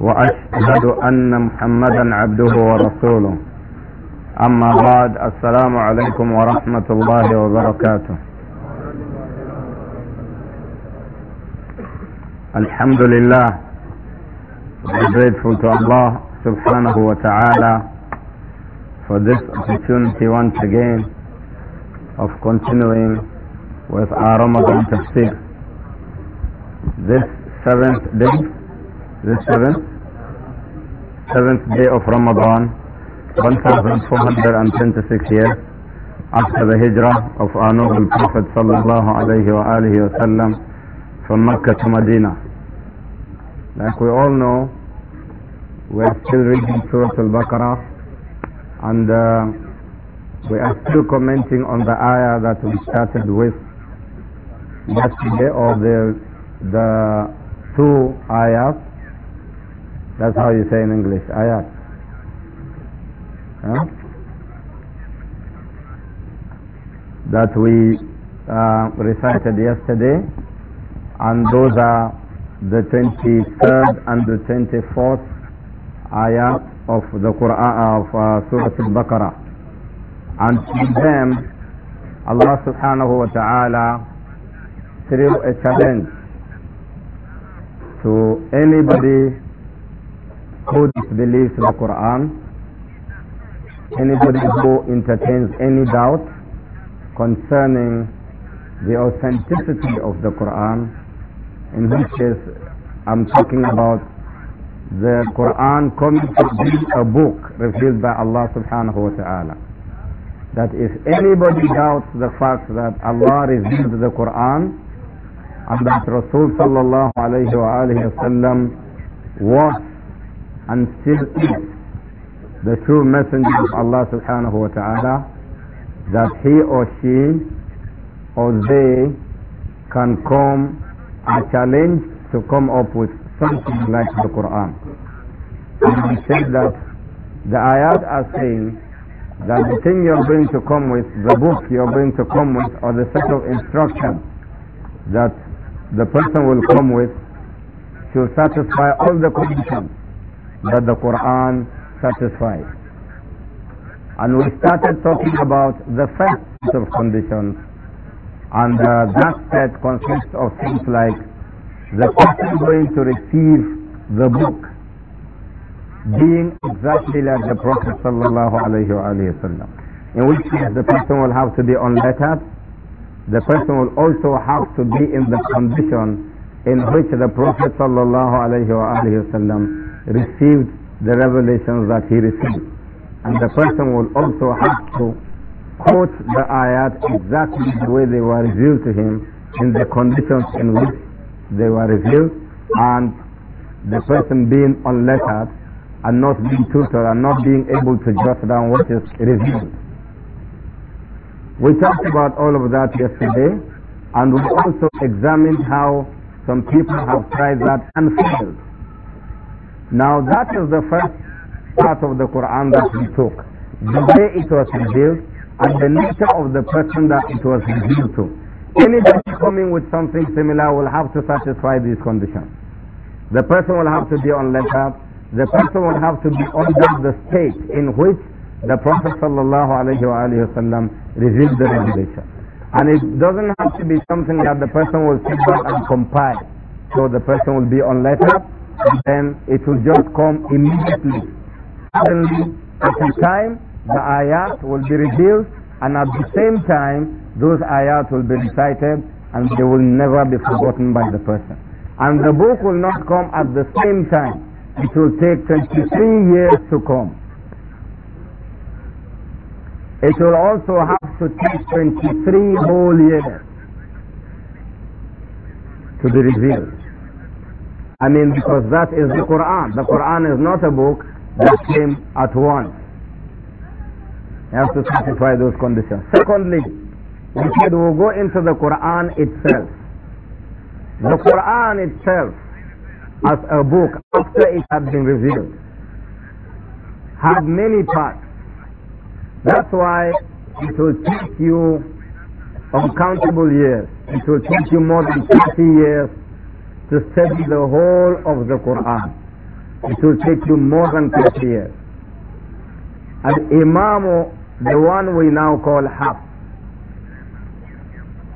واشهد ان محمدا عبده ورسوله اما بعد السلام عليكم ورحمه الله وبركاته الحمد لله grateful to Allah subhanahu wa ta'ala for this opportunity once again of continuing with our Ramadan tafsir. This seventh day the seventh, seventh day of Ramadan, 1426 years after the hijrah of our noble Prophet sallallahu alayhi wa alihi wasallam from Mecca to Medina. Like we all know, we are still reading Surah Al-Baqarah and uh, we are still commenting on the ayah that we started with yesterday or the, the two ayahs that's how you say in English, ayat. Huh? That we uh, recited yesterday, and those are the 23rd and the 24th ayat of the Quran of uh, Surah Al-Baqarah. And to them, Allah subhanahu wa ta'ala threw a challenge to anybody who disbelieves the Quran, anybody who entertains any doubt concerning the authenticity of the Quran, in which case I'm talking about the Quran coming to be a book revealed by Allah subhanahu wa ta'ala. That if anybody doubts the fact that Allah revealed the Quran and that Rasul sallallahu alayhi wa was and still is the true messenger of Allah subhanahu wa ta'ala that he or she or they can come are challenged to come up with something like the Quran. And he said that the ayat are saying that the thing you're going to come with, the book you're going to come with, or the set of instructions that the person will come with should satisfy all the conditions that the Quran satisfies. And we started talking about the first set of conditions, and uh, that set consists of things like the person going to receive the book being exactly like the Prophet sallallahu alayhi wasallam, in which case the person will have to be unlettered, the person will also have to be in the condition in which the Prophet sallallahu alayhi wasallam received the revelations that he received. And the person will also have to quote the ayat exactly the way they were revealed to him in the conditions in which they were revealed and the person being unlettered and not being tutored and not being able to jot down what is revealed. We talked about all of that yesterday and we also examined how some people have tried that and failed. Now that is the first part of the Quran that we took. The day it was revealed and the nature of the person that it was revealed to. Anybody coming with something similar will have to satisfy these conditions. The person will have to be on letter. The person will have to be under the state in which the Prophet wasallam revealed the revelation. And it doesn't have to be something that the person will sit down and compile. So the person will be on letter then it will just come immediately. Suddenly, at the time, the ayat will be revealed, and at the same time, those ayat will be recited, and they will never be forgotten by the person. And the book will not come at the same time. It will take 23 years to come. It will also have to take 23 whole years to be revealed. I mean, because that is the Quran. The Quran is not a book that came at once. You have to satisfy those conditions. Secondly, we said we'll go into the Quran itself. The Quran itself, as a book, after it had been revealed, had many parts. That's why it will take you uncountable years. It will take you more than 30 years to study the whole of the Quran. It will take you more than 30 years. And Imam, the one we now call Haf,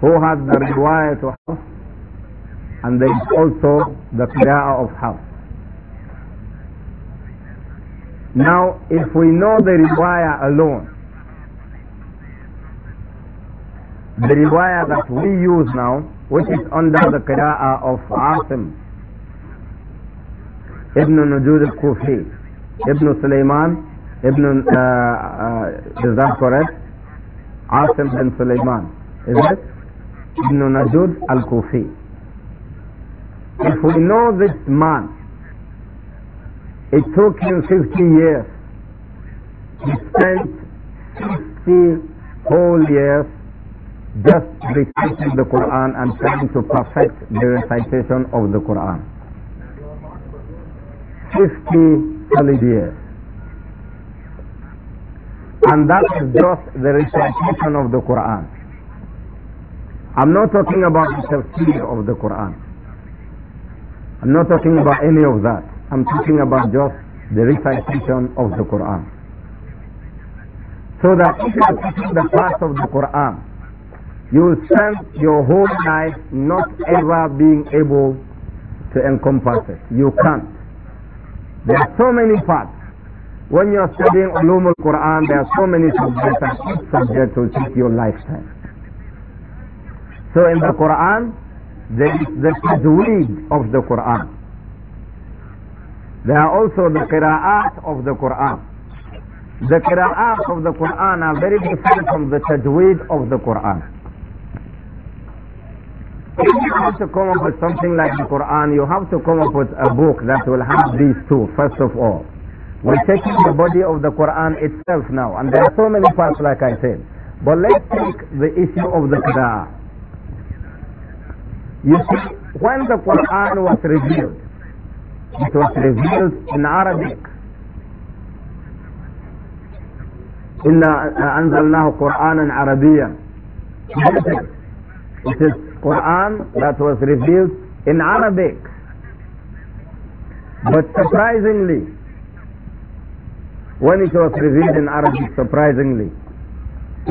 who has the riwayah to Hafs, and there is also the qira'ah of Haf. Now, if we know the riwayah alone, the riwayah that we use now, which is under the qira'ah of Asim ibn Najud al-Kufi, ibn Sulaiman, ibn, uh, uh, is that correct? Asim bin Sulaiman, is it? Ibn Najud al-Kufi. If we know this man, it took him 50 years. He spent 50 whole years just reciting the Quran and trying to perfect the recitation of the Quran. 50 solid years. And that is just the recitation of the Quran. I'm not talking about the tafsir of the Quran. I'm not talking about any of that. I'm talking about just the recitation of the Quran. So that if you are taking the part of the Quran, you spend your whole life not ever being able to encompass it. You can't. There are so many parts. When you are studying Ulum al-Quran, there are so many subjects and each subject will take your lifetime. So in the Quran, there is the tajweed of the Quran. There are also the qira'at of the Quran. The qira'at of the Quran are very different from the tajweed of the Quran. If you have to come up with something like the Quran, you have to come up with a book that will have these two, first of all. We're taking the body of the Quran itself now, and there are so many parts, like I said. But let's take the issue of the Qadar. You see, when the Quran was revealed, it was revealed in Arabic. إِنَّا أَنزَلْنَاهُ قُرْآنًا عَرَبِيًّا It is Quran that was revealed in Arabic. But surprisingly, when it was revealed in Arabic, surprisingly,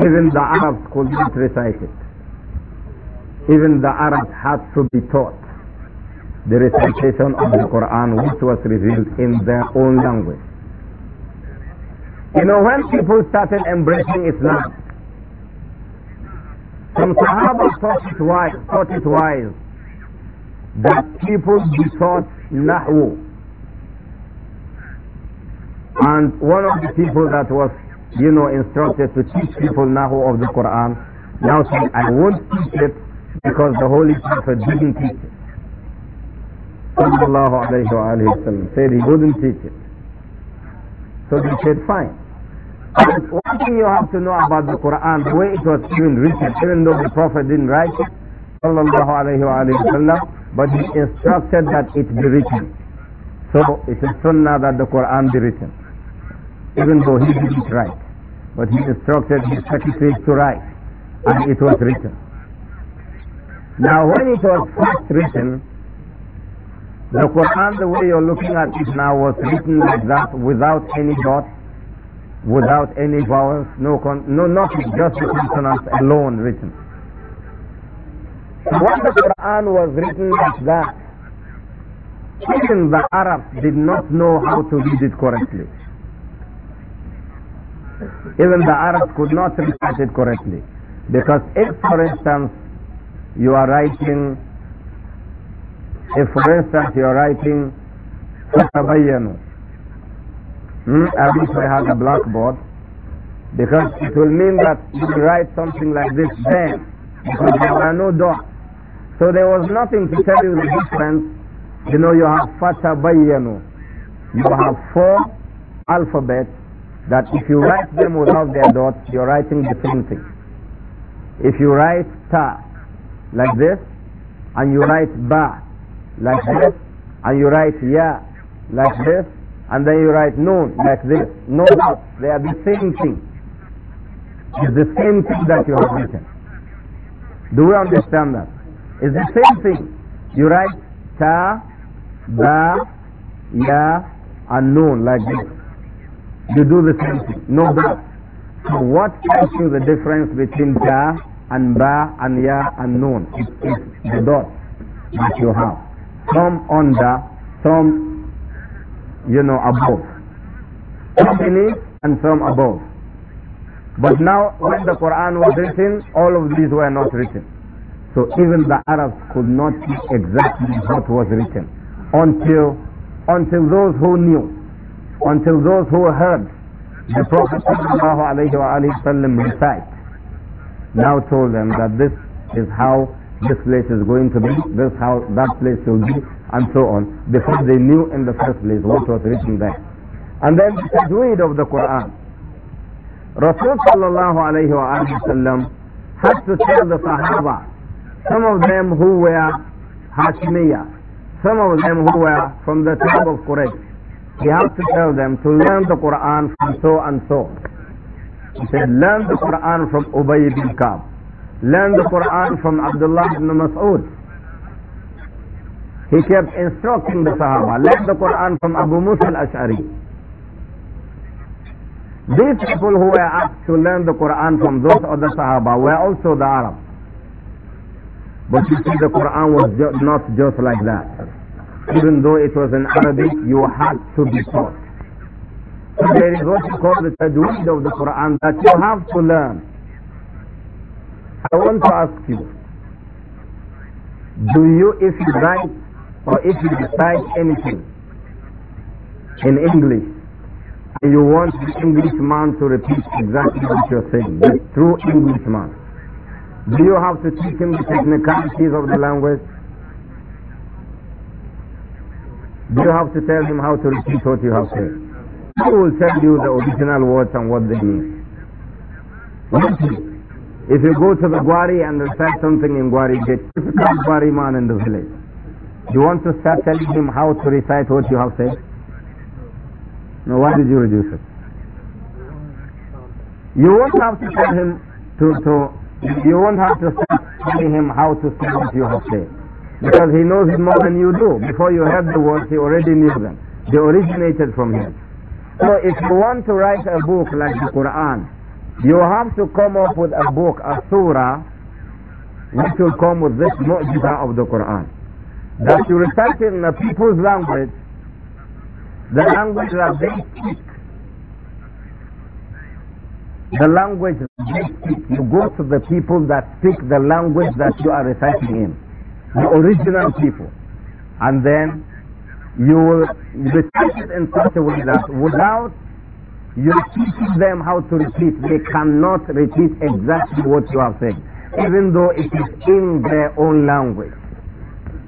even the Arabs could not recite it. Even the Arabs had to be taught the recitation of the Quran which was revealed in their own language. You know, when people started embracing Islam, some Sahaba thought it wise, thought it wise that people be taught Nahu. And one of the people that was, you know, instructed to teach people Nahu of the Quran now said, I won't teach it because the Holy Prophet didn't teach it. Sallallahu alayhi said he wouldn't teach it. So they said, fine one thing you have to know about the Quran, the way it was even written, even though the Prophet didn't write it, sallallahu alayhi wa sallam, but he instructed that it be written. So it is sunnah that the Quran be written, even though he didn't write. But he instructed his secretary to write, and it was written. Now when it was first written, the Quran, the way you're looking at it now, was written like that without any dots without any vowels, no, con- no nothing, just the consonants alone written. So when the Quran was written like that, even the Arabs did not know how to read it correctly. Even the Arabs could not recite it correctly. Because if, for instance, you are writing, if, for instance, you are writing, Hmm? I I have a blackboard. Because it will mean that you write something like this then. Because there are no dots. So there was nothing to tell you the difference. You know, you have fatabayanu. You have four alphabets that if you write them without their dots, you're writing the same thing. If you write ta like this, and you write ba like this, and you write ya like this, and then you write noon like this. No doubt, they are the same thing. It's the same thing that you have written. Do we understand that? It's the same thing. You write ta, ba, ya, and noon like this. You do the same thing. No doubt. So what tells you the difference between ta and ba and ya and noon? It's, it's the dot that you have. Some under, some you know, above. Some beneath and some above. But now, when the Quran was written, all of these were not written. So even the Arabs could not see exactly what was written until, until those who knew, until those who heard the Prophet recite now told them that this is how this place is going to be, this how that place will be, and so on, because they knew in the first place what was written there. And then the tajweed of the Quran. Rasul sallallahu alayhi wa sallam had to tell the Sahaba, some of them who were Hashmiya, some of them who were from the tribe of Quraysh, he had to tell them to learn the Quran from so and so. He said, learn the Quran from Ubay ibn Ka'b. Learn the Quran from Abdullah ibn Mas'ud. He kept instructing the Sahaba, let the Quran from Abu Musa al-Ash'ari. These people who were asked to learn the Quran from those other Sahaba were also the Arabs. But you see, the Quran was ju not just like that. Even though it was in Arabic, you had to be taught. So there is what you call the tajweed of the Quran that you have to learn. I want to ask you, do you, if you write or if you decide anything in English, and you want the Englishman to repeat exactly what you're saying, the true Englishman, do you have to teach him the technicalities of the language? Do you have to tell him how to repeat what you have said? He will tell you the original words and what they mean. If you go to the Gwari and recite something in Gwari, the typical Gwari man in the village, you want to start telling him how to recite what you have said? No, why did you reduce it? You won't have to tell him to, to you won't have to start telling him how to say what you have said. Because he knows it more than you do. Before you heard the words, he already knew them. They originated from him. So if you want to write a book like the Quran, you have to come up with a book, a surah, which will come with this mu'jiza of the Quran that you recite in the people's language, the language that they speak. The language they speak, you go to the people that speak the language that you are reciting in, the original people, and then you will recite it in such a way that without you teaching them how to repeat, they cannot repeat exactly what you are saying, even though it is in their own language.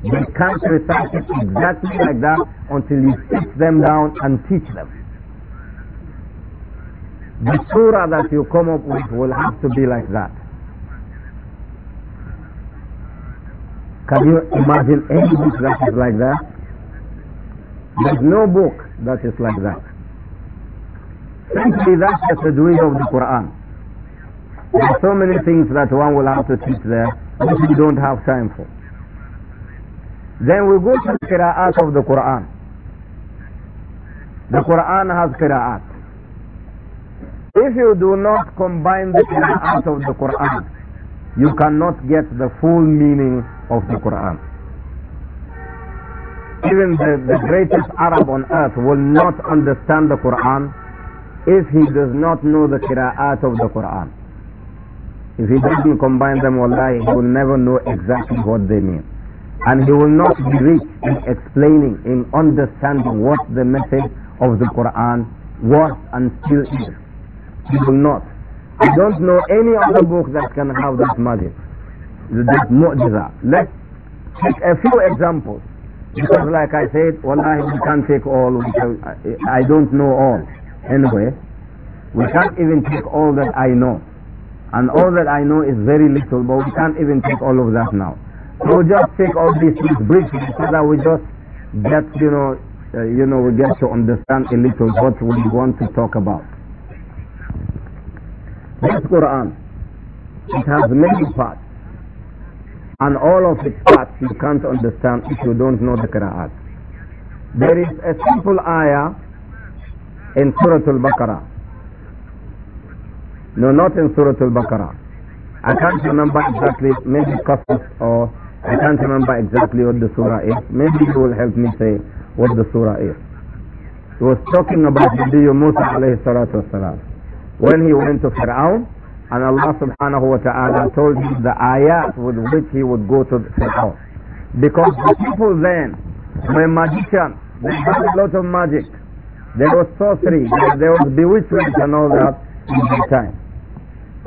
They can't recite it exactly like that until you sit them down and teach them. The surah that you come up with will have to be like that. Can you imagine any book that is like that? There's no book that is like that. Simply that's the doing of the Quran. There are so many things that one will have to teach there which we don't have time for. Then we go to the qira'at of the Quran. The Quran has qira'at. If you do not combine the qira'at of the Quran, you cannot get the full meaning of the Quran. Even the, the greatest Arab on earth will not understand the Quran if he does not know the qira'at of the Quran. If he doesn't combine them, wallahi, he will never know exactly what they mean and he will not be rich in explaining, in understanding what the message of the Quran was and still is. He will not. I don't know any other book that can have that magic, that mu'jiza. Let's take a few examples. Because like I said, wallahi we can't take all, can, I, I don't know all. Anyway, we can't even take all that I know. And all that I know is very little, but we can't even take all of that now we just take all these things so that we just get, you know, uh, you know, we get to understand a little what we want to talk about. This Quran, it has many parts. And all of its parts you can't understand if you don't know the Quran. There is a simple ayah in Surah Al-Baqarah. No, not in Surah Al-Baqarah. I can't remember exactly, maybe Qasas or I can't remember exactly what the surah is. Maybe you will help me say what the surah is. He was talking about Nabi Musa alayhi salatu wasalam. When he went to Fir'aun, and Allah subhanahu wa ta'ala told him the ayat with which he would go to Fir'aun. Because the people then were magicians. They had a lot of magic. There was sorcery. There was bewitchment and all that in their time.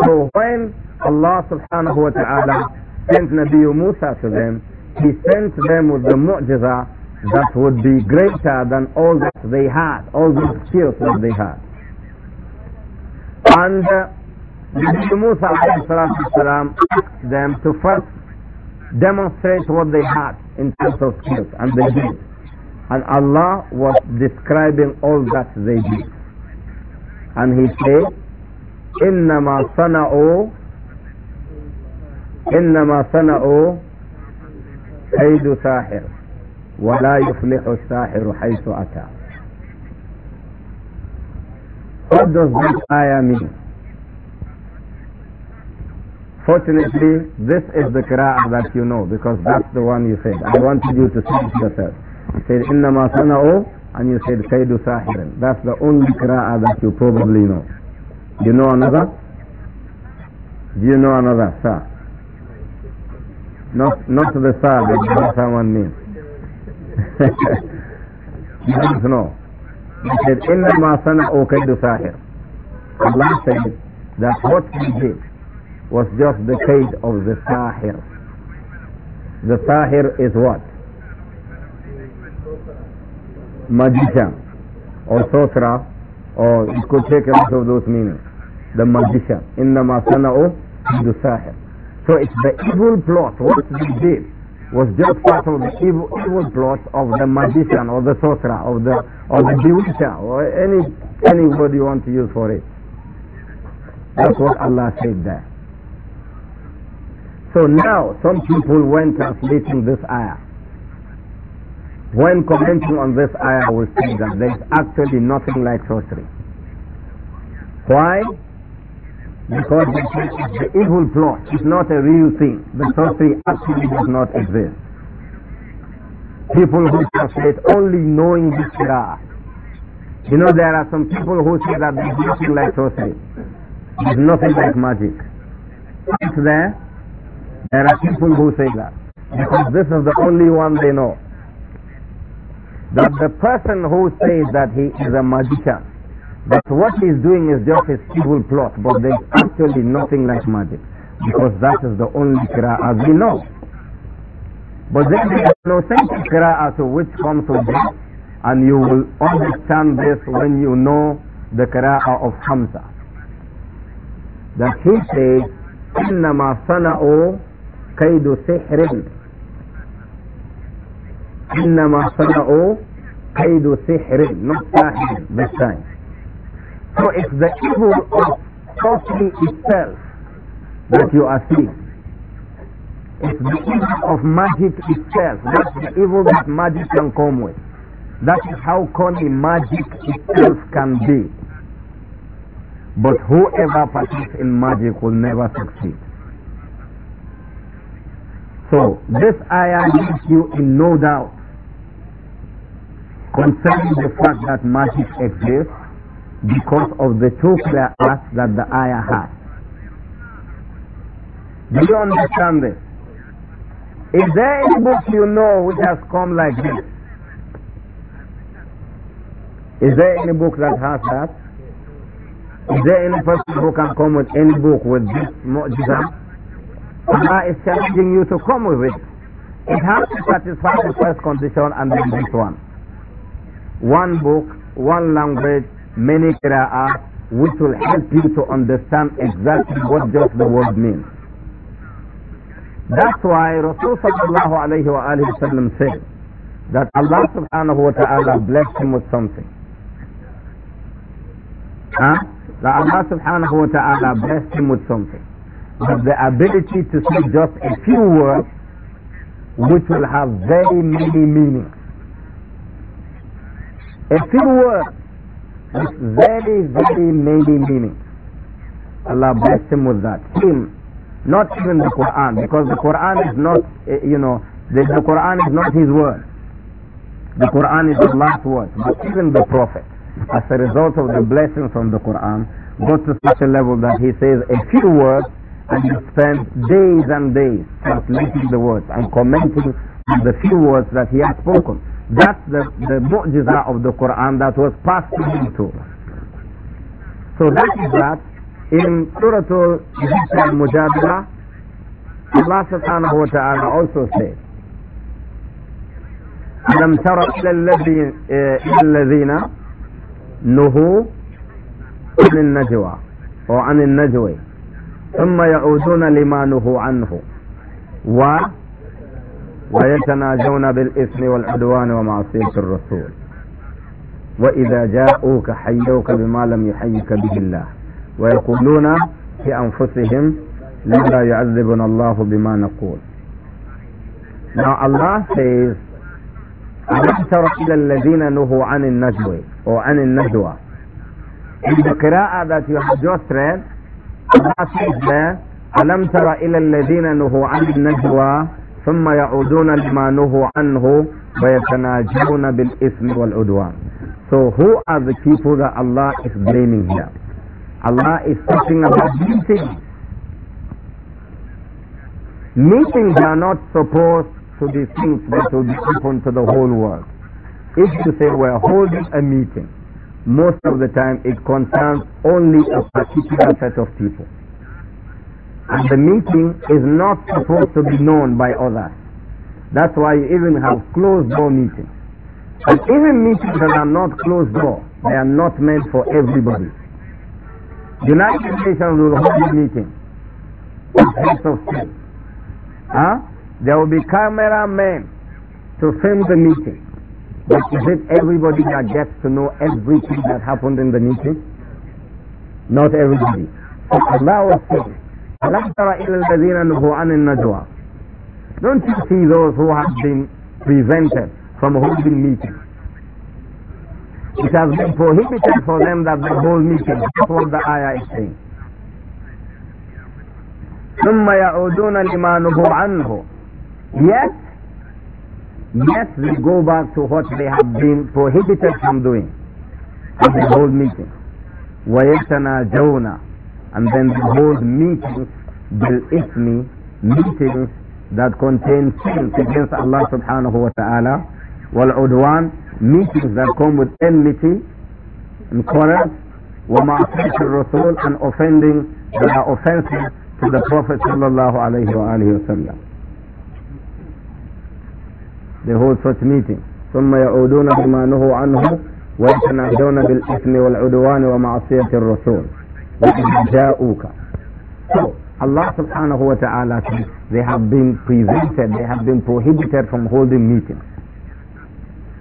So when Allah subhanahu wa ta'ala sent Nabi Musa to them. He sent them with the mu'jiza that would be greater than all that they had, all the skills that they had. And uh, Nabi Musa asked them to first demonstrate what they had in terms of skills, and they did. And Allah was describing all that they did. And He said, إنما صنعوا إنما صنعوا كيد ساحر ولا يفلح الساحر حيث أتى What does this ayah mean? Fortunately, this is the qira'ah that you know because that's the one you said. I wanted you to say it yourself. You said, إِنَّمَا صَنَعُوا and you said كَيْدُ سَاحِرٍ That's the only qira'ah that you probably know. Do you know another? Do you know another, sir? Not, not the Sabbath, what someone means. he doesn't know. He said, إِنَّمَا صَنَعُوا كَيْدُ Sahir." Allah said that what he did was just the case of the Sahir. The Sahir is what? Magician or sorcerer or it could take a lot of those meanings. The magician. إِنَّمَا o كَيْدُ Sahir. So it's the evil plot. What they did was just part of the evil, evil plot of the magician or the sorcerer or the or the bewitcher or any any word you want to use for it. That's what Allah said there. So now some people when translating this ayah, when commenting on this ayah will say that there is actually nothing like sorcery. Why? because the evil plot, is not a real thing. The sorcery actually does not exist. People who translate only knowing this are, You know there are some people who say that there's nothing like sorcery. There's nothing like magic. It's there. There are people who say that. Because this is the only one they know. That the person who says that he is a magician but what he's doing is just a evil plot, but there's actually nothing like magic, because that is the only as we know. But then there is no kira as to which comes with this, and you will understand this when you know the kira of Hamza. That he says, إنما صنعوا كيد سحر إنما صنعوا كيد سحر not ساحر this time so it's the evil of sorcery itself that you are seeing. It's the evil of magic itself. That's the evil that magic can come with. That is how corny magic itself can be. But whoever practices in magic will never succeed. So this ayah leaves you in no doubt concerning the fact that magic exists because of the two clear acts that the ayah has. Do you understand this? Is there any book you know which has come like this? Is there any book that has that? Is there any person who can come with any book with this mu'jiza? Allah is challenging you to come with it. It has to satisfy the first condition and then this one. One book, one language, many qira'ah which will help you to understand exactly what just the word means. That's why Rasulullah said that Allah subhanahu wa ta'ala blessed him with something. Huh? That Allah subhanahu wa ta'ala blessed him with something. But the ability to say just a few words which will have very many meanings. A few words with very, very many meanings. Allah bless him with that. Him, not even the Quran, because the Quran is not, eh, you know, the, the Quran is not his word. The Quran is the last word. But even the Prophet, as a result of the blessings from the Quran, got to such a level that he says a few words and he spends days and days translating the words and commenting on the few words that he has spoken. That's the, the mu'jiza of the Quran that was passed to him too. So that is that. In Surah Al-Mujadila, Allah subhanahu wa ta'ala also says, ألم تر إلى الذين نهوا عن النجوى وعن النجوى ثم يعودون لما نهوا عنه و ويتناجون بالإثم والعدوان ومعصية الرسول وإذا جاءوك حيوك بما لم يحيك به الله ويقولون في أنفسهم لولا يعذبنا الله بما نقول Now Allah says ألم تر إلى الذين نهوا عن النجوى أو عن النجوى In the قراءة that you have just read Allah says there ألم تر إلى الذين نهوا عن النجوى ثم يعودون لما نهوا عنه ويتناجون والعدوان So who are the people that Allah is blaming here? Allah is talking about meetings. Meetings are not supposed to be things that will be open to the whole world. If you say we're holding a meeting, most of the time it concerns only a particular set of people. And the meeting is not supposed to be known by others. That's why you even have closed door meetings. And even meetings that are not closed door, they are not meant for everybody. United Nations will hold a meeting heads of state. Huh? There will be cameramen to film the meeting. But is it everybody that gets to know everything that happened in the meeting? Not everybody. So Allah was saying, don't you see those who have been prevented from holding meetings? It has been prohibited for them that they hold meetings. That's what the ayah is saying. ثم يعودون لما نهوا عنه Yes, yes, they go back to what they have been prohibited from doing at the whole meeting. ويتناجون and then the whole meetings, bil-ithmi, meetings that contain sins against Allah subhanahu wa ta'ala, wal-udwan, meetings that come with enmity and quarrels, ومعصية rasul and offending that are offensive to the Prophet sallallahu alayhi wa alayhi wa sallam They hold such meetings. ثم يعودون بما نهوا عنه ويتناجون بالإثم والعدوان ومعصية الرسول ja'uka. So Allah subhanahu wa ta'ala they have been prevented, they have been prohibited from holding meetings.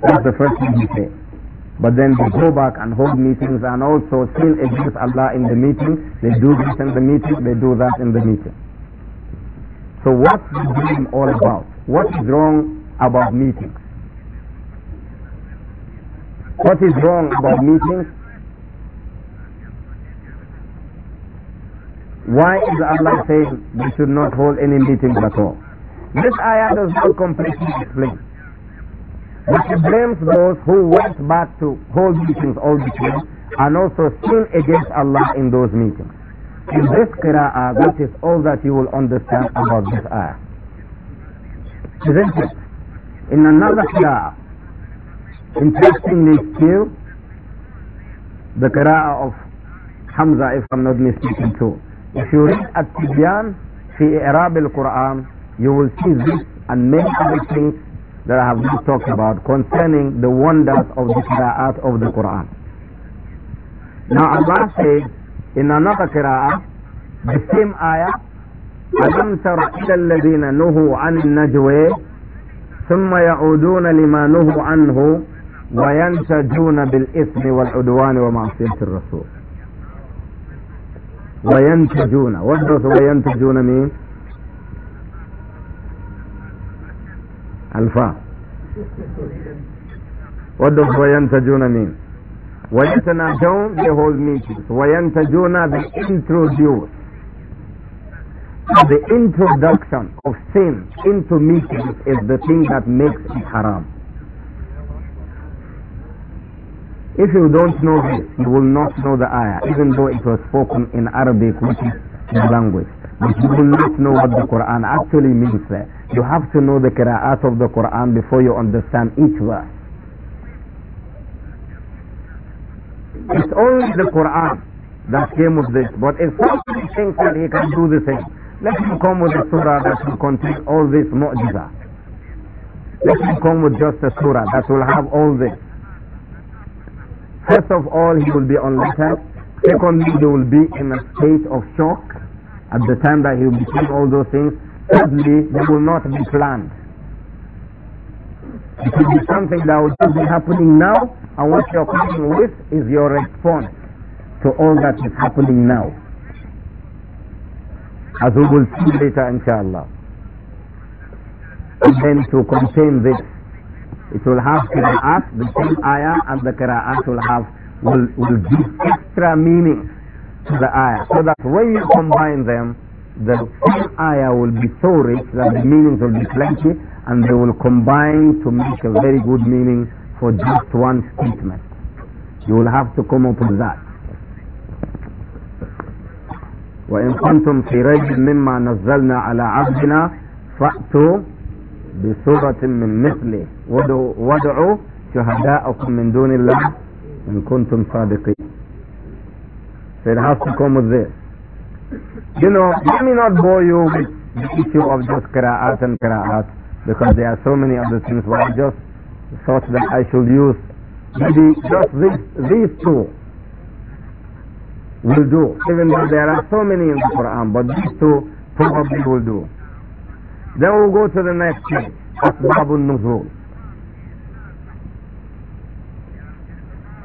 That's the first thing he said. But then they go back and hold meetings and also still exist Allah in the meeting. They do this in the meeting, they do that in the meeting. So what's the dream all about? What is wrong about meetings? What is wrong about meetings? Why is Allah saying we should not hold any meetings at all? This ayah does not completely explain. But it blames those who went back to hold meetings all the time and also sin against Allah in those meetings. In this qira'ah, that is all that you will understand about this ayah. Isn't it? In another qira'ah, interestingly still, the qira'ah of Hamza, if I'm not mistaken too. If you read At-Tibyan see Arab al-Quran, you will see this and many other things that I have been talked about concerning the wonders of the qira'at of the Quran. Now Allah says in another qira'at, the same ayah, ألم تر إلى الذين نهوا عن النجوى ثم يعودون لما نهوا عنه وينتجون بالإثم والعدوان ومعصية الرسول what does وَيَنْتَجُونَ mean? Alfa. What does وَيَنْتَجُونَ mean? The whole hold meetings. وَيَنْتَجُونَ They introduce. The introduction of sin into meetings is the thing that makes it haram. If you don't know this, you will not know the ayah, even though it was spoken in Arabic, which is the language. But you will not know what the Quran actually means there. You have to know the qira'at of the Quran before you understand each verse. It's only the Quran that came with this. But if somebody thinks that he can do the same, let him come with a surah that will contain all this mu'jiza. Let him come with just a surah that will have all this. First of all, he will be on letter. Secondly, he will be in a state of shock at the time that he will be seeing all those things. Thirdly, they will not be planned. It will be something that will just be happening now, and what you're coming with is your response to all that is happening now. As we will see later, inshallah. And then to contain this it will have qira'at, the same ayah and the qira'at will have, will, will give extra meaning to the ayah. So that when you combine them, the same ayah will be so rich that the meanings will be plenty and they will combine to make a very good meaning for just one statement. You will have to come up with that. وإن كنتم في ريب مما نزلنا على عبدنا فأتوا بسورة من مثله وادعوا شهداءكم من دون الله إن كنتم صادقين so it has to come with this you know let me not bore you with the issue of just qira'at and qira'at because there are so many other things where I just thought that I should use maybe just this, these two will do even though there are so many in the Quran but these two probably will do then we'll go to the next thing أسباب النزول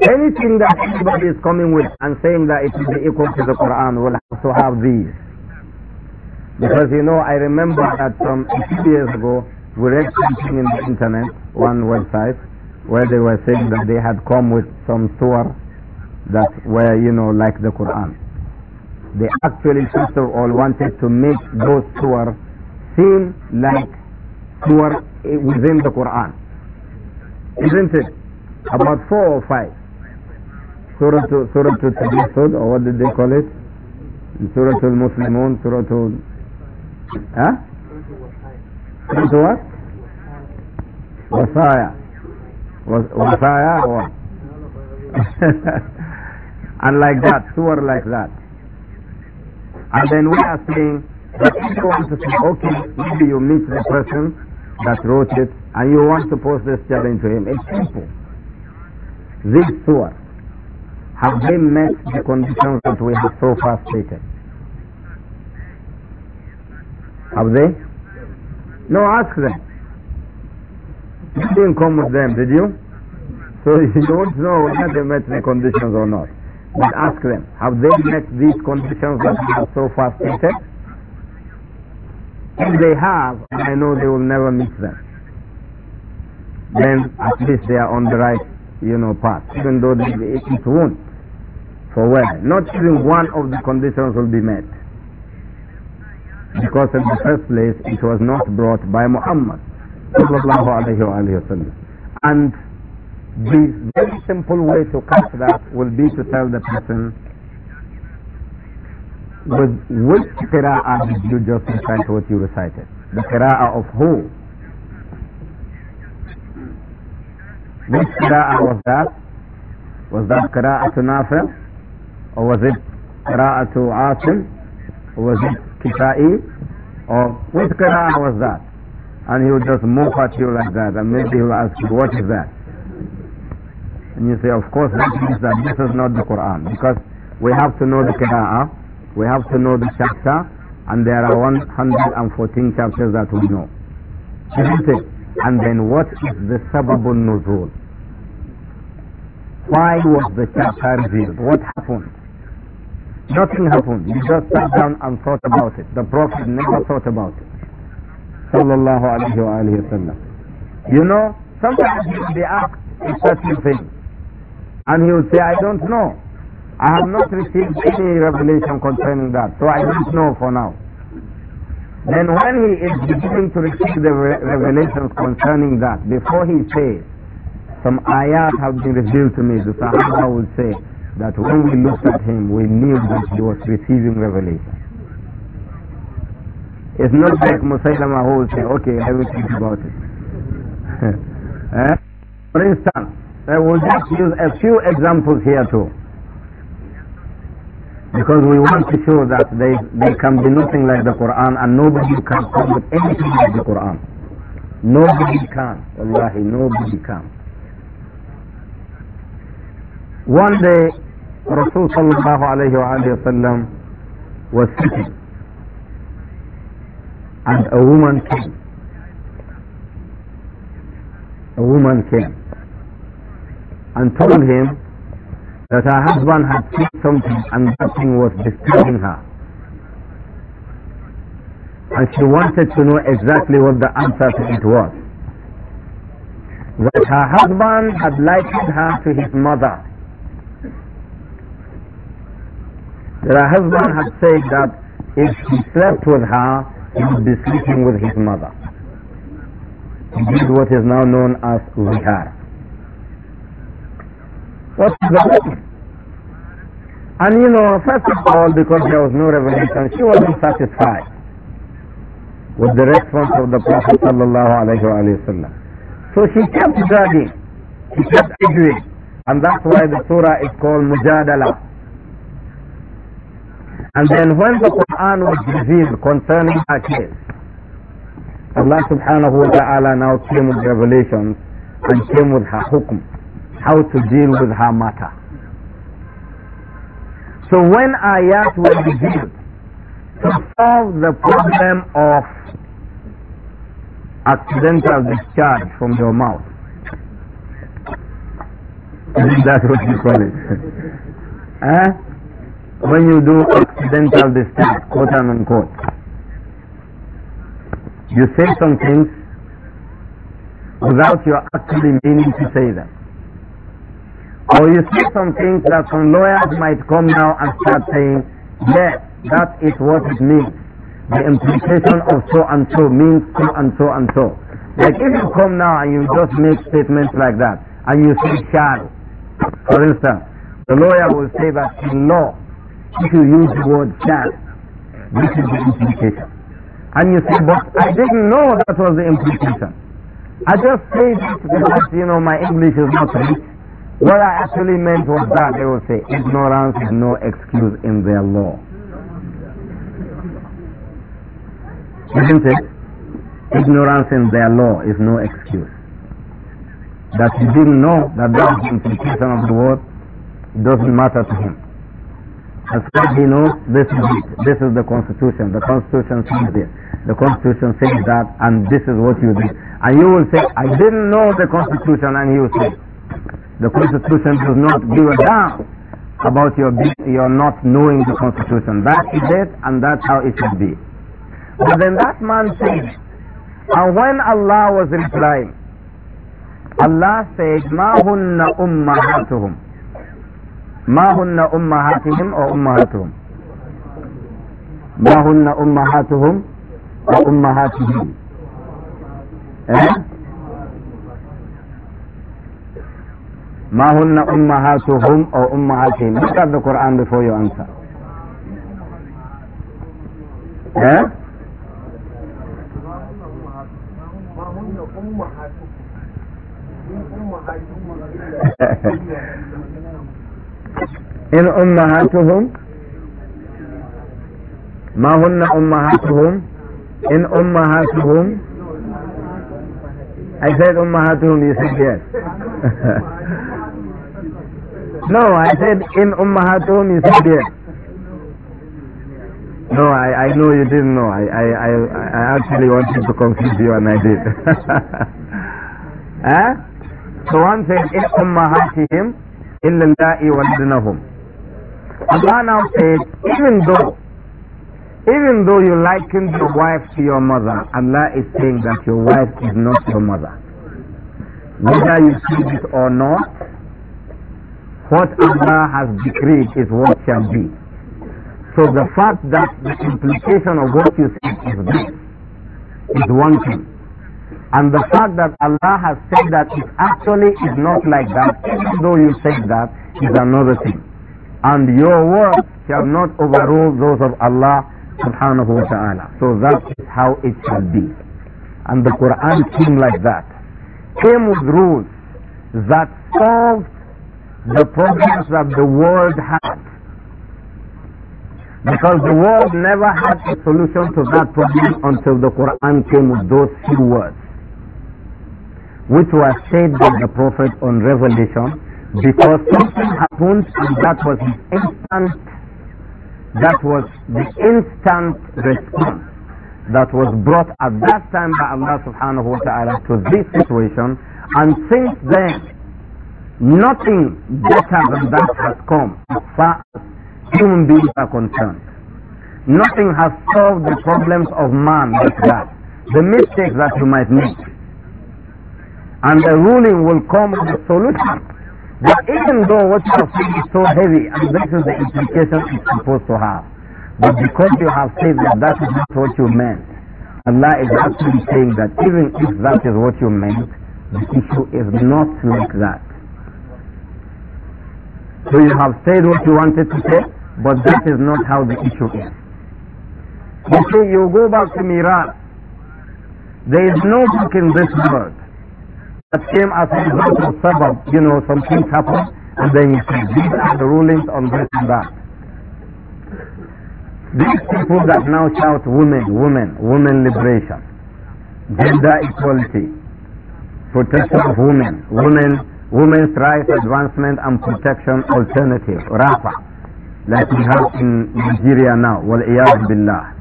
Anything that anybody is coming with and saying that it is equal to the Quran will have to have these. Because you know, I remember that some a few years ago, we read something in the internet, one website, where they were saying that they had come with some surah that were, you know, like the Quran. They actually, first of all, wanted to make those surah seem like surah within the Quran. Isn't it? About four or five. Surah Surah Tadassud, or what did they call it? Surah Al-Muslimun, Surah Al... Huh? Surah what? Wasaya. Wasaya or what? and like that, surah like that. And then we are saying that if you want to say, okay, maybe you meet the person that wrote it and you want to post this challenge to him, it's simple. This surah have they met the conditions that we have so far stated? Have they? No, ask them. You didn't come with them, did you? So you don't know whether they met the conditions or not. But ask them, have they met these conditions that we have so far stated? If they have, I know they will never meet them. Then at least they are on the right, you know, path, even though they, it, it won't for when? Not even one of the conditions will be met. Because in the first place it was not brought by Muhammad and the very simple way to catch that will be to tell the person with which qira'ah did you just recite what you recited? The qira'ah of who? Which qira'ah was that? Was that qira'ah to Nafi'? Or was it Qira'atu Asim? Or was it Kisa'i? Or which Qira'ah was that? And he would just move at you like that and maybe he'll ask you, what is that? And you say, of course that means that this is not the Quran because we have to know the Qira'ah, we have to know the chapter and there are 114 chapters that we know. Isn't it? And then what is the sababun nuzul? Why was the chapter revealed? What happened? Nothing happened. He just sat down and thought about it. The Prophet never thought about it. Sallallahu alayhi wa alayhi wa You know, sometimes he will be asked a certain thing. And he will say, I don't know. I have not received any revelation concerning that. So I don't know for now. Then when he is beginning to receive the re revelations concerning that, before he says, some ayat have been revealed to me, the Sahaba will say, that when we looked at him, we knew that he was receiving revelation. It's not like Musaylama who will say, okay, I will think about it. eh? For instance, I will just use a few examples here too. Because we want to show that they, they can be nothing like the Quran and nobody can come with anything like the Quran. Nobody can. Wallahi, nobody can. One day, Rasulullah sallallahu alayhi wa sallam was sitting and a woman came. A woman came and told him that her husband had said something and that thing was disturbing her. And she wanted to know exactly what the answer to it was. That her husband had likened her to his mother. That her husband had said that if he slept with her, he would be sleeping with his mother. He did what is now known as zihar. What is the problem? And you know, first of all, because there was no revelation, she wasn't satisfied with the response of the Prophet wasallam. So she kept dragging, she kept arguing, and that's why the surah is called Mujadala. And then when the Quran was revealed concerning that case, Allah subhanahu wa ta'ala now came with revelations and came with her hukm, how to deal with her matter. So when ayat were revealed to solve the problem of accidental discharge from your mouth, that's what you call it? eh? when you do accidental discharge, quote unquote, you say some things without your actually meaning to say them. Or you say some things that some lawyers might come now and start saying, yes, that is what it means. The implication of so and so means so and so and so. Like if you come now and you just make statements like that, and you say shall, for instance, the lawyer will say that in law, if you use the word that, this is the implication. And you say, but I didn't know that was the implication. I just say that because, you know, my English is not rich. What I actually meant was that they will say, ignorance is no excuse in their law. Isn't it? Ignorance in their law is no excuse. That he didn't know that that was the implication of the word, it doesn't matter to him. As far as he knows, this is it. This is the Constitution. The Constitution says this. The Constitution says that, and this is what you did. And you will say, I didn't know the Constitution, and you say, the Constitution does not give a damn about your, your not knowing the Constitution. That is it, and that's how it should be. But then that man said, and when Allah was replying, Allah said, مَا هُنَّ أُمَّهَاتُهُمْ ما هن أمهاتهم أو أمهاتهم ما هن أمهاتهم أو أمهاتهم ما هن أمهاتهم أو أمهاتهم Look at the Quran before you answer. Eh? من أمهاتهم ما هن أمهاتهم إن أمهاتهم I said أمهاتهم you said yes No I said إن أمهاتهم you said yes No, I, I know you didn't know. I, I, I, I actually wanted to confuse you and I did. eh? So one says, إِنْ أُمَّهَاتِهِمْ إِلَّا اللَّائِ وَلَدْنَهُمْ Allah now said, even though, even though you likened your wife to your mother, Allah is saying that your wife is not your mother. Whether you see it or not, what Allah has decreed is what shall be. So the fact that the implication of what you said is this is one thing. And the fact that Allah has said that it actually is not like that, even though you said that, is another thing and your words shall not overrule those of Allah subhanahu wa ta'ala. So that is how it shall be. And the Quran came like that. Came with rules that solved the problems that the world had. Because the world never had a solution to that problem until the Quran came with those few words, which were said by the Prophet on Revelation because something happened and that was the instant that was the instant response that was brought at that time by Allah subhanahu wa ta'ala to this situation and since then nothing better than that has come as far as human beings are concerned. Nothing has solved the problems of man like that. The mistakes that you might make. And the ruling will come with a solution but even though what you are saying is so heavy, and this is the implication it's supposed to have, but because you have said that that is not what you meant, Allah is actually saying that even if that is what you meant, the issue is not like that. So you have said what you wanted to say, but that is not how the issue is. You see, you go back to Miraj. There is no book in this world that came as a result of sabab. You know, some things happen, and then you these are the rulings on this and that. These people that now shout women, women, women liberation, gender equality, protection of women, women, women's rights advancement and protection alternative, RAPA, like we have in Nigeria now, wal billah.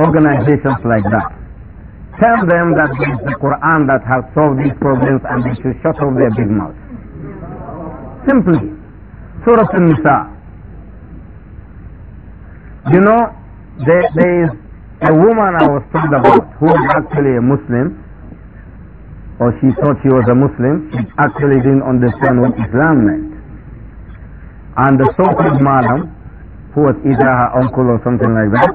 Organizations like that. Tell them that it's the Quran that has solved these problems and they should shut off their big mouths. Simply. Surah An-Nisa. You know, there, there is a woman I was told about who is actually a Muslim, or she thought she was a Muslim. She actually didn't understand what Islam meant. And the so-called madam, who was either her uncle or something like that,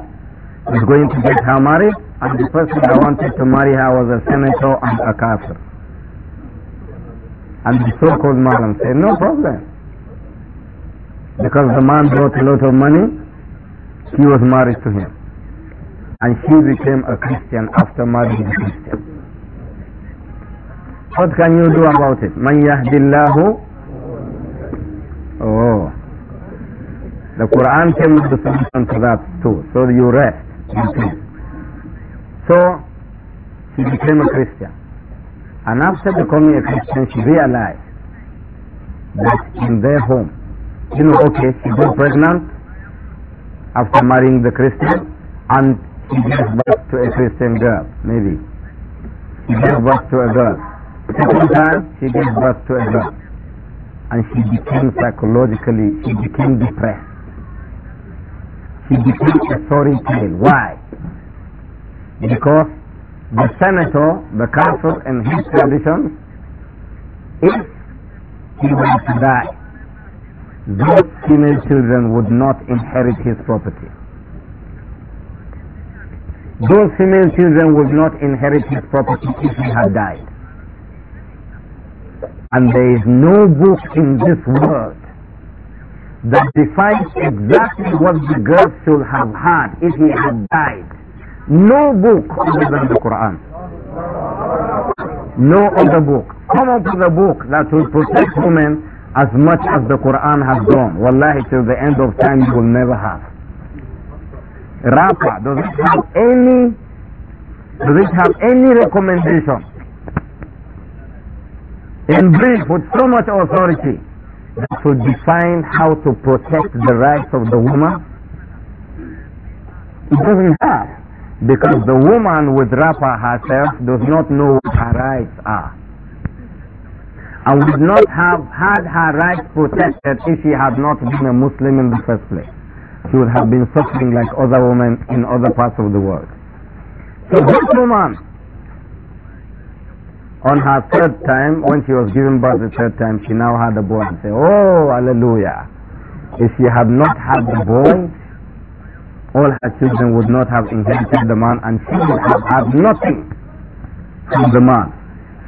was going to get her married, and the person that wanted to marry her was a senator and a kafir. And the so-called madam said, no problem. Because the man brought a lot of money, she was married to him. And she became a Christian after marrying a Christian. What can you do about it? Man yahdillahu? Oh. The Quran came with the solution to that too. So you rest. You so she became a Christian. And after becoming a Christian, she realized that in their home, you know, okay, she got pregnant after marrying the Christian, and she gave birth to a Christian girl, maybe. She gave birth to a girl. Second time, she gave birth to a girl. And she became psychologically, she became depressed. She became a sorry tale. Why? Because the senator, the kafir in his tradition, if he were to die, those female children would not inherit his property. Those female children would not inherit his property if he had died. And there is no book in this world that defines exactly what the girl should have had if he had died. No book other than the Quran. No other book. Come up with a book that will protect women as much as the Quran has done. Wallahi, till the end of time you will never have. Rapa does it have any does it have any recommendation? In brief, with so much authority that will define how to protect the rights of the woman? It doesn't have. Because the woman would wrapper herself does not know what her rights are. And would not have had her rights protected if she had not been a Muslim in the first place. She would have been suffering like other women in other parts of the world. So this woman, on her third time, when she was given birth the third time, she now had a boy and said, Oh, hallelujah. If she had not had the boy, all her children would not have inherited the man and she would have had nothing from the man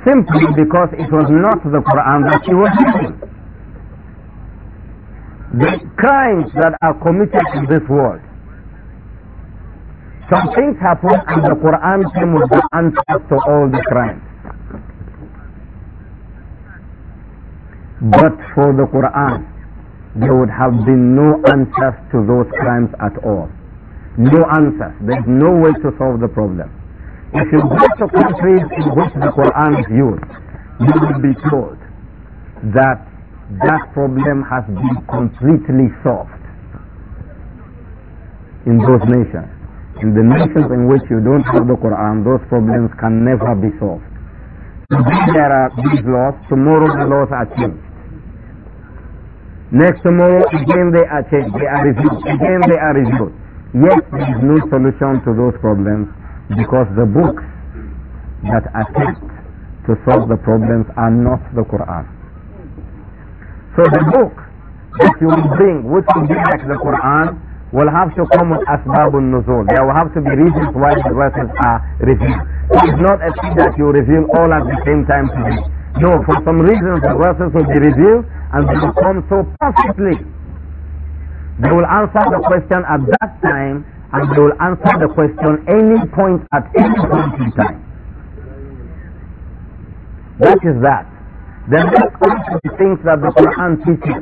simply because it was not the Quran that she was reading. The crimes that are committed in this world. Some things happen and the Quran came with the answer to all the crimes. But for the Quran, there would have been no answers to those crimes at all no answers. There's no way to solve the problem. If you go to countries in which the Quran is used, you will be told that that problem has been completely solved in those nations. In the nations in which you don't have the Quran, those problems can never be solved. Today there are these laws, tomorrow the laws are changed. Next tomorrow again they are changed, they are reviewed, again they are reviewed. Yes, there is no solution to those problems because the books that attempt to solve the problems are not the Quran. So the book that you will bring, which will be like the Quran, will have to come with asbabun nuzul. There will have to be reasons why the verses are revealed. It's not a thing that you reveal all at the same time today. No, for some reason the verses will be revealed and they will come so perfectly they will answer the question at that time and they will answer the question any point at any point in time. That is that. Then let's to things that the Quran teaches.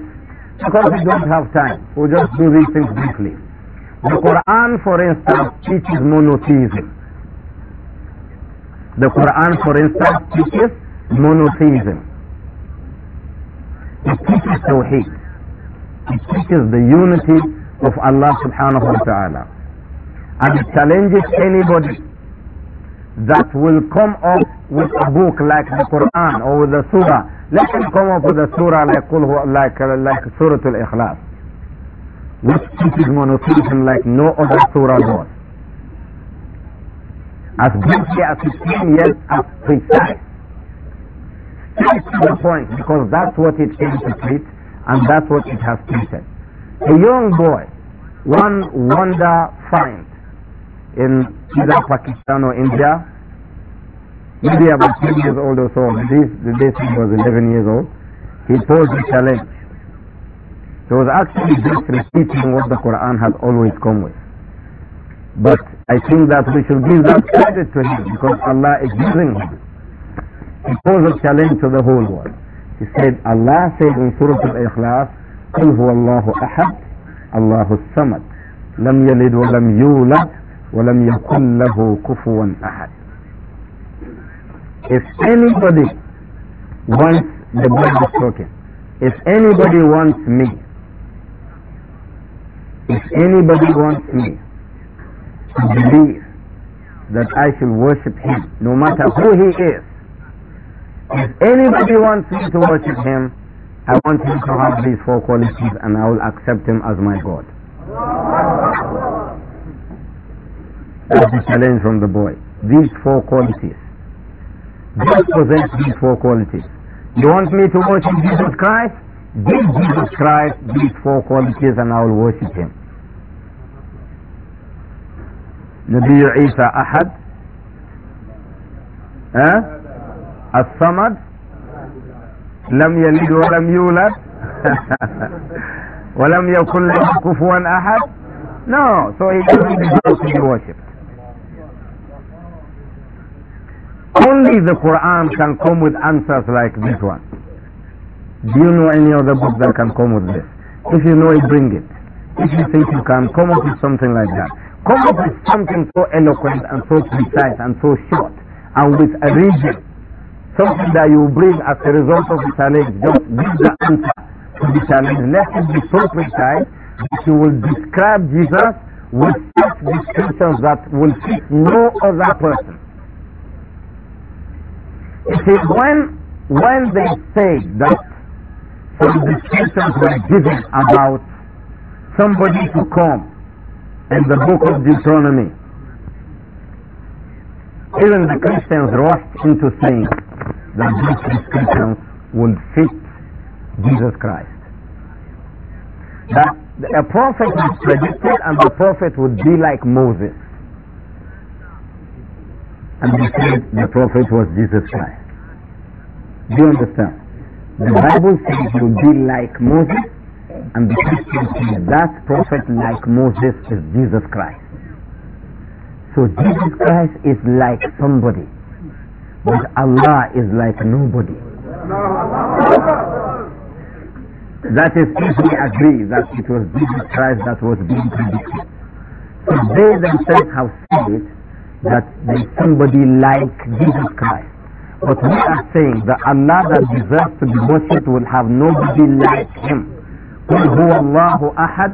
Because we don't have time, we'll just do these things briefly. The Quran, for instance, teaches monotheism. The Quran, for instance, teaches monotheism. It teaches Tawheed. It teaches the unity of Allah subhanahu wa ta'ala. And it challenges anybody that will come up with a book like the Quran or with the surah. Let him come up with a surah like, like, like Surah Al-Ikhlas, which teaches monotheism like no other surah does. As briefly as it came, yet as precise. Straight to the point, because that's what it came to teach and that's what it has stated. A young boy, one wonder find in either Pakistan or India, maybe about 10 years old or so, this, this was 11 years old, he posed a challenge. He was actually just repeating what the Quran has always come with. But I think that we should give that credit to him because Allah is giving him. He posed a challenge to the whole world. He said, Allah said in Surah Al-Ikhlas, قُلْ هُوَ اللَّهُ أَحَدْ اللَّهُ الصَّمَدْ لَمْ يَلِدْ وَلَمْ يُولَدْ وَلَمْ يَكُنْ لَهُ كُفُوًا أَحَدْ If anybody wants the Bible spoken, if anybody wants me, if anybody wants me to believe that I shall worship him, no matter who he is, if anybody wants me to worship him, I want him to have these four qualities and I will accept him as my God. That's the challenge from the boy. These four qualities. Just possess these four qualities. You want me to worship Jesus Christ? Give Jesus Christ these four qualities and I will worship him. Nabi Isa Ahad. ها الصمد لم يلد ولم يولد ولم يكن له كفوا أحد No, so he doesn't deserve to be worshipped. Only the Quran can come with answers like this one. Do you know any other book that can come with this? If you know it, bring it. If you think you can, come up with something like that. Come up with something so eloquent and so precise and so short and with a reason something that you bring as a result of the challenge. Just give the answer to the challenge. Let it be so precise that you will describe Jesus with such descriptions that will fit no other person. You see, when, when they say that some descriptions were given about somebody to come in the book of Deuteronomy, even the Christians rushed into saying that these descriptions would fit Jesus Christ. That a prophet was predicted and the prophet would be like Moses. And they said the prophet was Jesus Christ. Do you understand? The Bible says he would be like Moses, and the Christians says that prophet like Moses is Jesus Christ. So Jesus Christ is like somebody, but Allah is like nobody. That is if we agree that it was Jesus Christ that was being predicted. So they themselves have said that there is somebody like Jesus Christ. But we are saying that Allah that deserves to be worshipped will have nobody like him. Allahu هو الله أحد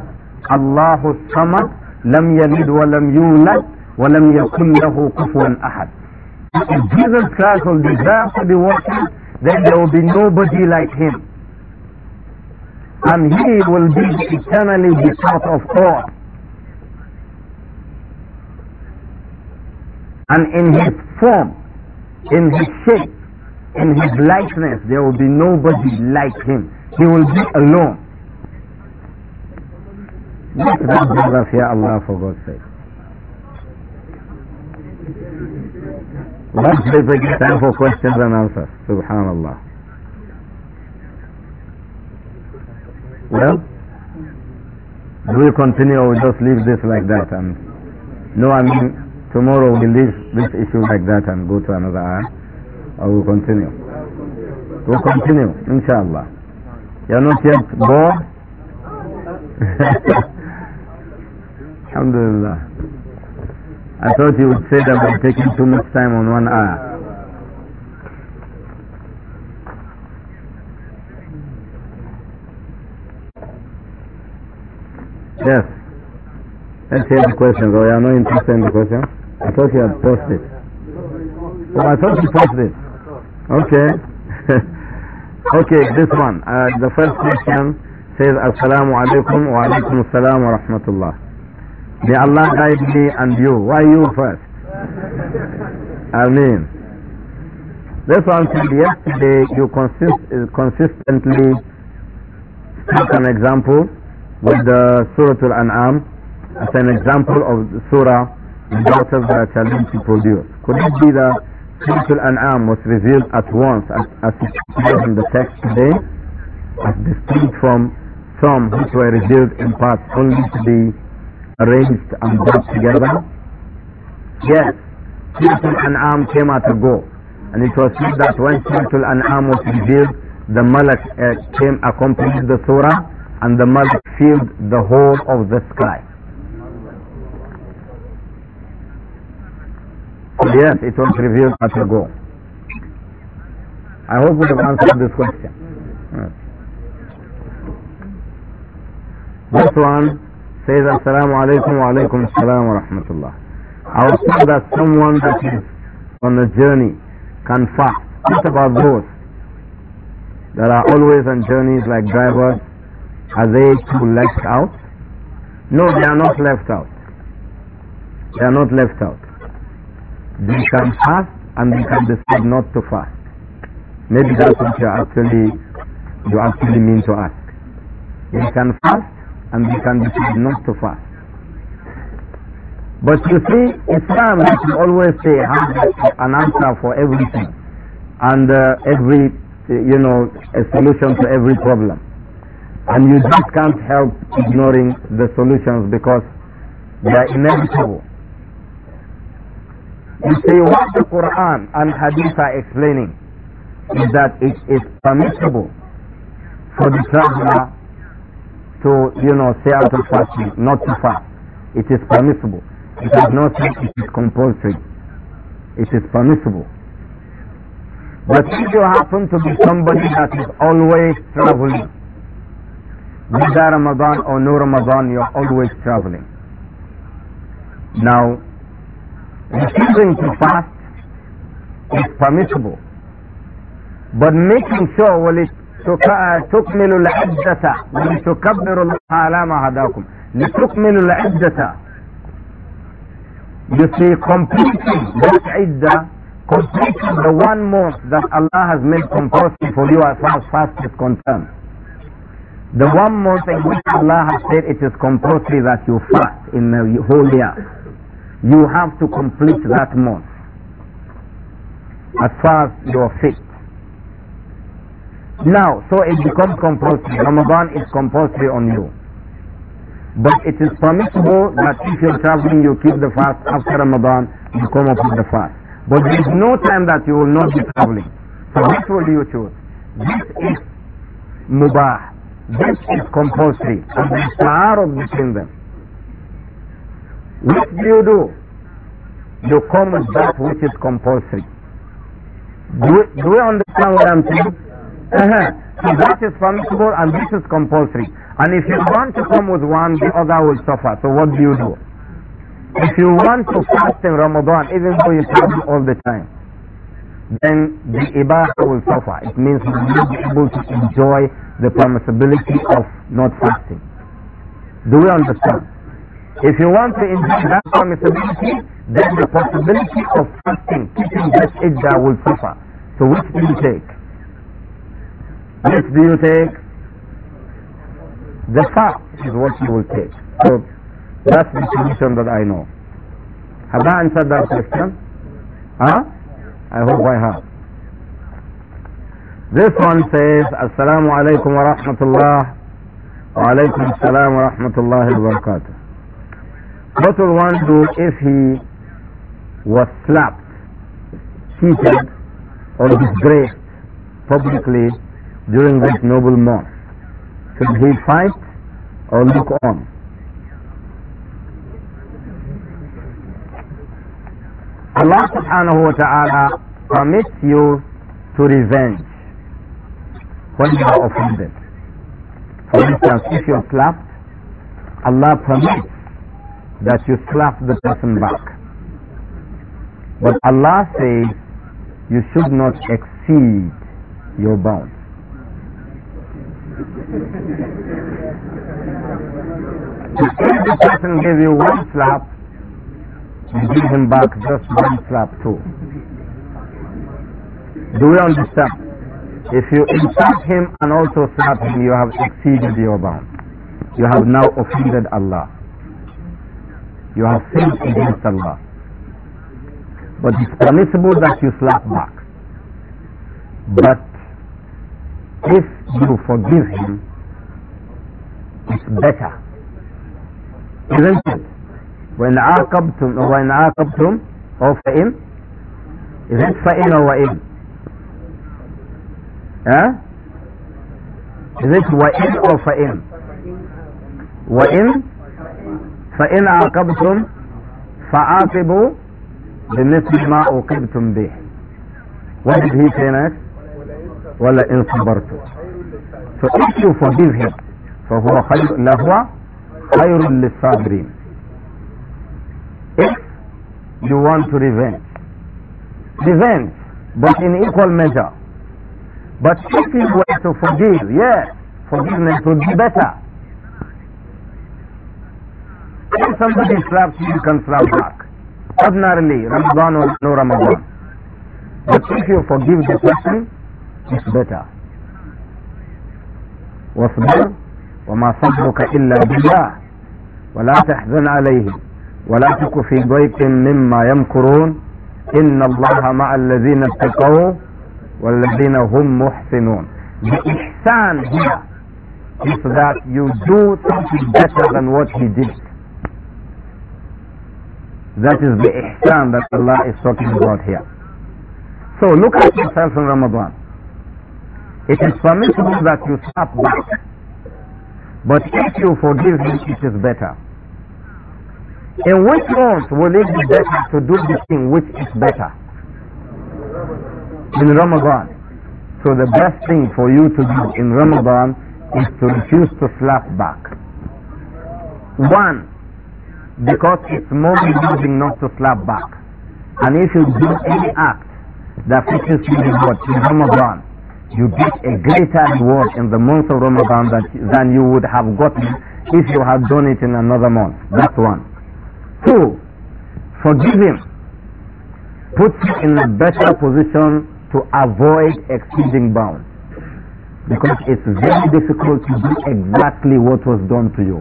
الله الصمد لم يلد ولم وَلَمْ يَكُنْ لَهُ كُفُوًا أَحَدٍ If Jesus Christ will deserve to be worshipped, then there will be nobody like him. And he will be eternally the top of all. And in his form, in his shape, in his likeness, there will be nobody like him. He will be alone. Look that brother fear Allah for God's sake. But there is time for questions and answers. Subhanallah. Well, do we continue or we just leave this like that? And no, I mean tomorrow we leave this issue like that and go to another hour, or we continue. We we'll continue, inshallah. You're not yet bored. Alhamdulillah. I thought you would say that we're taking too much time on one hour. Yes. Let's hear the question, though. You are not interested in the question. I thought you had posted. Oh, I thought you posted. Okay. okay, this one. Uh, the first question says, Assalamu alaikum wa alaikum assalam wa rahmatullah. May Allah guide me and you. Why you first? I mean, this one said yesterday you consist, consistently took an example with the Surah Al-An'am as an example of the Surah the daughters that shall be to produce. Could it be that Surah Al-An'am was revealed at once as, as it appears in the text today as distinct from some which were revealed in parts only to be raised and brought together? Yes, Surah Al-An'am came out ago. And it was said that when Surah Al-An'am was revealed, the Malak uh, came, accompanied the Surah, and the Malak filled the whole of the sky. Yes, it was revealed a go. I hope we have answered this question. This one says Assalamu alaikum wa alaikum salam wa rahmatullah. I was say that someone that is on a journey can fast. What about those that are always on journeys like drivers? Are they too left out? No, they are not left out. They are not left out. They can fast and they can decide not to fast. Maybe that's what you actually you actually mean to ask. They can fast and we can decide not so fast. But you see, Islam, as always say, an answer for everything and uh, every, you know, a solution to every problem. And you just can't help ignoring the solutions because they are inevitable. You see, what the Quran and Hadith are explaining is that it is permissible for the traveler to, you know, say out of fasting, not too fast. It is permissible. It is not it is compulsory. It is permissible. But if you happen to be somebody that is always traveling, whether Ramadan or no Ramadan, you're always traveling. Now, refusing to fast is permissible. But making sure, well, it تكملوا العدة ولتكبروا الله على ما هداكم لتكملوا العدة You see, completing that iddah, completing the one month that Allah has made compulsory for you as far as fast is concerned. The one month in which Allah has said it is compulsory that you fast in the whole year. You have to complete that month as far as you are fit. Now, so it becomes compulsory. Ramadan is compulsory on you. But it is permissible that if you're traveling, you keep the fast. After Ramadan, you come up with the fast. But there is no time that you will not be traveling. So which will you choose? This is mubah. This is compulsory. And there is ta'aruf between them. What do you do? You come with that which is compulsory. Do do we understand what I'm saying? Uh-huh. so that is permissible and this is compulsory. And if you want to come with one, the other will suffer. So what do you do? If you want to fast in Ramadan, even though you fast all the time, then the ibadah will suffer. It means you will be able to enjoy the permissibility of not fasting. Do we understand? If you want to enjoy that permissibility, then the possibility of fasting, keeping that iddah will suffer. So which do you take? Which do you take? The fat is what you will take. So that's the solution that I know. Have I answered that question? Huh? I hope I have. This one says, Assalamu alaikum wa rahmatullah. Wa alaikum assalam wa rahmatullahi wa barakatuh. What will one do if he was slapped, cheated, or disgraced publicly during that noble month? Should he fight or look on? Allah subhanahu wa ta'ala permits you to revenge when you are offended. For instance, if you are slapped, Allah permits that you slap the person back. But Allah says you should not exceed your bounds. If the person gave you one slap, you give him back just one slap too. Do you understand? If you insult him and also slap him, you have exceeded your bounds. You have now offended Allah. You have sinned against Allah. But it's permissible that you slap back. But if you forgive him, it's better. Isn't it? وإن عاقبتم وإن عاقبتم أو فإن is it فإن وإن ها it وإن أو فإن وإن فإن عاقبتم فعاقبوا بمثل ما عوقبتم به what did he say next ولا إن صبرتم So if you forgive him, فهو خير لهو خير If you want to revenge, revenge, but in equal measure. But if you were to forgive, yes, forgiveness would be better. If somebody slaps you, you can slap back. Ordinarily, Ramadan or no Ramadan. But if you forgive the person, it's better. واصبر وما صبرك إلا بالله ولا تحزن عليهم ولا تك في ضيق مما يمكرون إن الله مع الذين اتقوا والذين هم محسنون بإحسان هنا is that you do something better than what he did that is the ihsan that Allah is talking about here so look at yourself in Ramadan It is permissible that you slap back. But if you forgive him, it is better. In which ones will it be better to do the thing which is better? In Ramadan. So the best thing for you to do in Ramadan is to refuse to slap back. One, because it's more rewarding not to slap back. And if you do any act that fetches you reward in Ramadan, you get a greater reward in the month of Ramadan than you would have gotten if you had done it in another month. That's one. Two, forgive him. Puts you in a better position to avoid exceeding bounds. Because it's very difficult to do exactly what was done to you.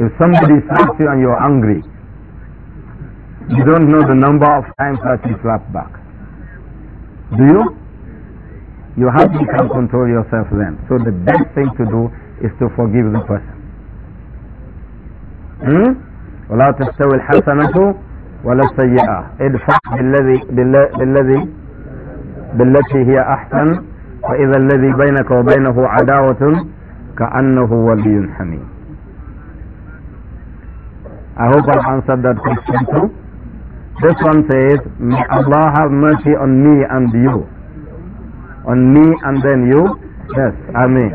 If somebody slaps you and you're angry, you don't know the number of times that you slap back. Do you? You have to can control yourself then. So the best thing to do is to forgive the person. Hmm? ولا تستوي الحسنة ولا السيئة ادفع بالذي بالذي بالتي هي أحسن فإذا الذي بينك وبينه عداوة كأنه ولي حميم I hope I answered that question too. This one says, May Allah have mercy on me and you on me and then you? Yes, mean.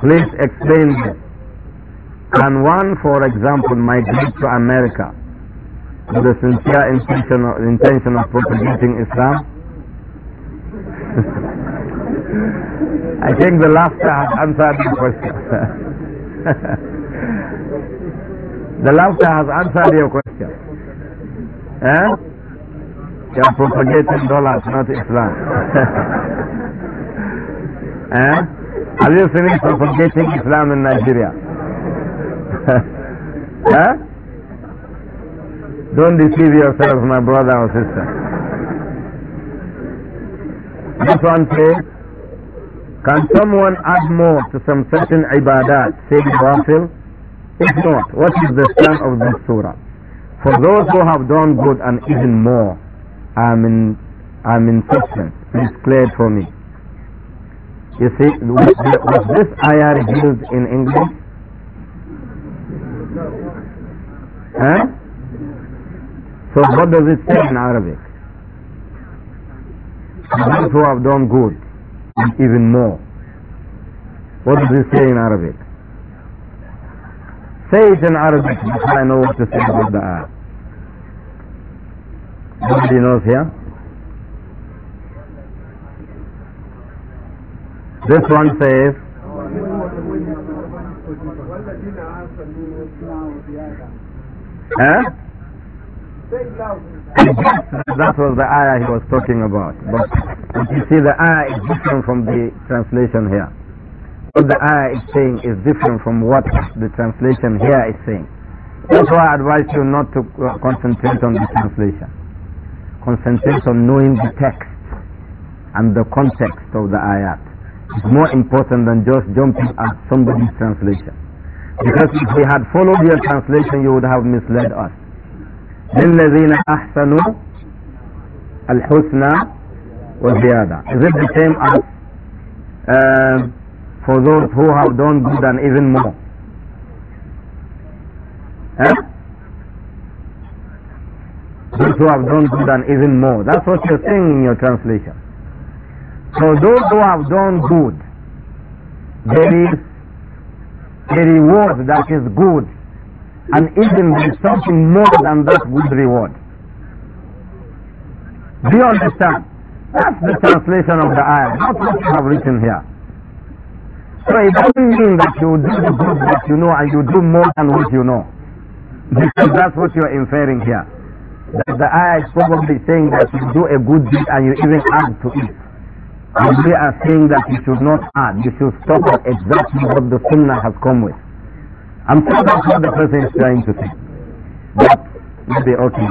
Please explain this. Can one, for example, migrate to America with the sincere intention of, intention of propagating Islam? I think the laughter has answered the question. the laughter has answered your question. Eh? They are propagating dollars, not Islam. eh? Have you finished propagating Islam in Nigeria? eh? Don't deceive yourself, my brother or sister. This one says, can someone add more to some certain ibadat, say Rafil? If not, what is the sign of this surah? For those who have done good and even more. I'm in, I'm in suffering. Please clear for me. You see, was, this ayah used in English? Huh? So what does it say in Arabic? Those who have done good, even more. What does it say in Arabic? Say it in Arabic I know what to say about the ayah. Nobody knows here. This one says, eh? that was the ayah he was talking about. But, but you see, the ayah is different from the translation here. What the ayah is saying is different from what the translation here is saying. That's why I advise you not to uh, concentrate on the translation concentrate on knowing the text and the context of the ayat. It's more important than just jumping at somebody's translation. Because if we had followed your translation, you would have misled us. لِلَّذِينَ was the other. Is it the same as uh, for those who have done good and even more? Eh? those who have done good and even more. That's what you're saying in your translation. So those who have done good, there is a reward that is good, and even there is something more than that good reward. Do you understand? That's the translation of the ayah, not what you have written here. So it doesn't mean that you do the good that you know and you do more than what you know. Because that's what you're inferring here that the ayah is probably saying that you do a good deed and you even add to it. And they are saying that you should not add, you should stop at exactly what the sunnah has come with. I'm sure that's what the person is trying to say. But maybe okay.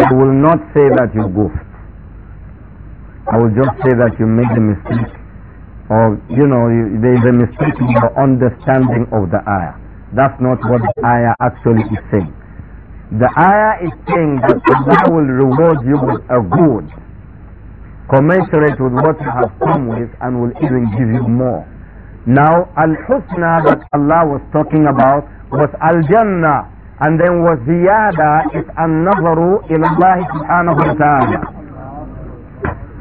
I will not say that you goofed. I will just say that you made a mistake. Or, you know, you, there is a mistake in your understanding of the ayah. That's not what the ayah actually is saying. The ayah is saying that Allah will reward you with a good commensurate with what you have come with and will even give you more. Now, Al-Husna that Allah was talking about was Al-Jannah and then was Ziyada is An-Nazaru ila Allah subhanahu wa ta'ala.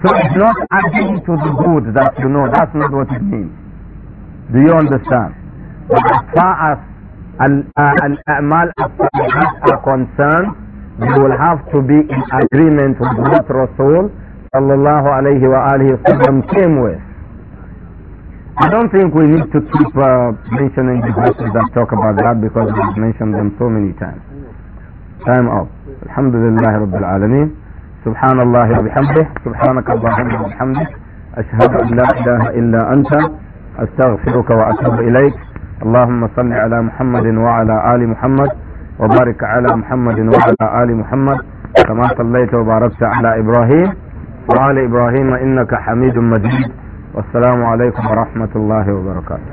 So it's not adding to the good that you know, that's not what it means. Do you understand? But as far as al-a'mal uh, are concerned, you will have to be in agreement with what Rasul sallallahu alayhi wa alayhi wa came with. I don't think we need to keep uh, mentioning the verses that talk about that because we've mentioned them so many times. Time up. Alhamdulillah Rabbil Alameen. سبحان الله وبحمده سبحانك اللهم وبحمدك أشهد أن لا إله إلا أنت أستغفرك وأتوب إليك اللهم صل على محمد وعلى آل محمد وبارك على محمد وعلى آل محمد كما صليت وباركت على إبراهيم وعلى إبراهيم إنك حميد مجيد والسلام عليكم ورحمة الله وبركاته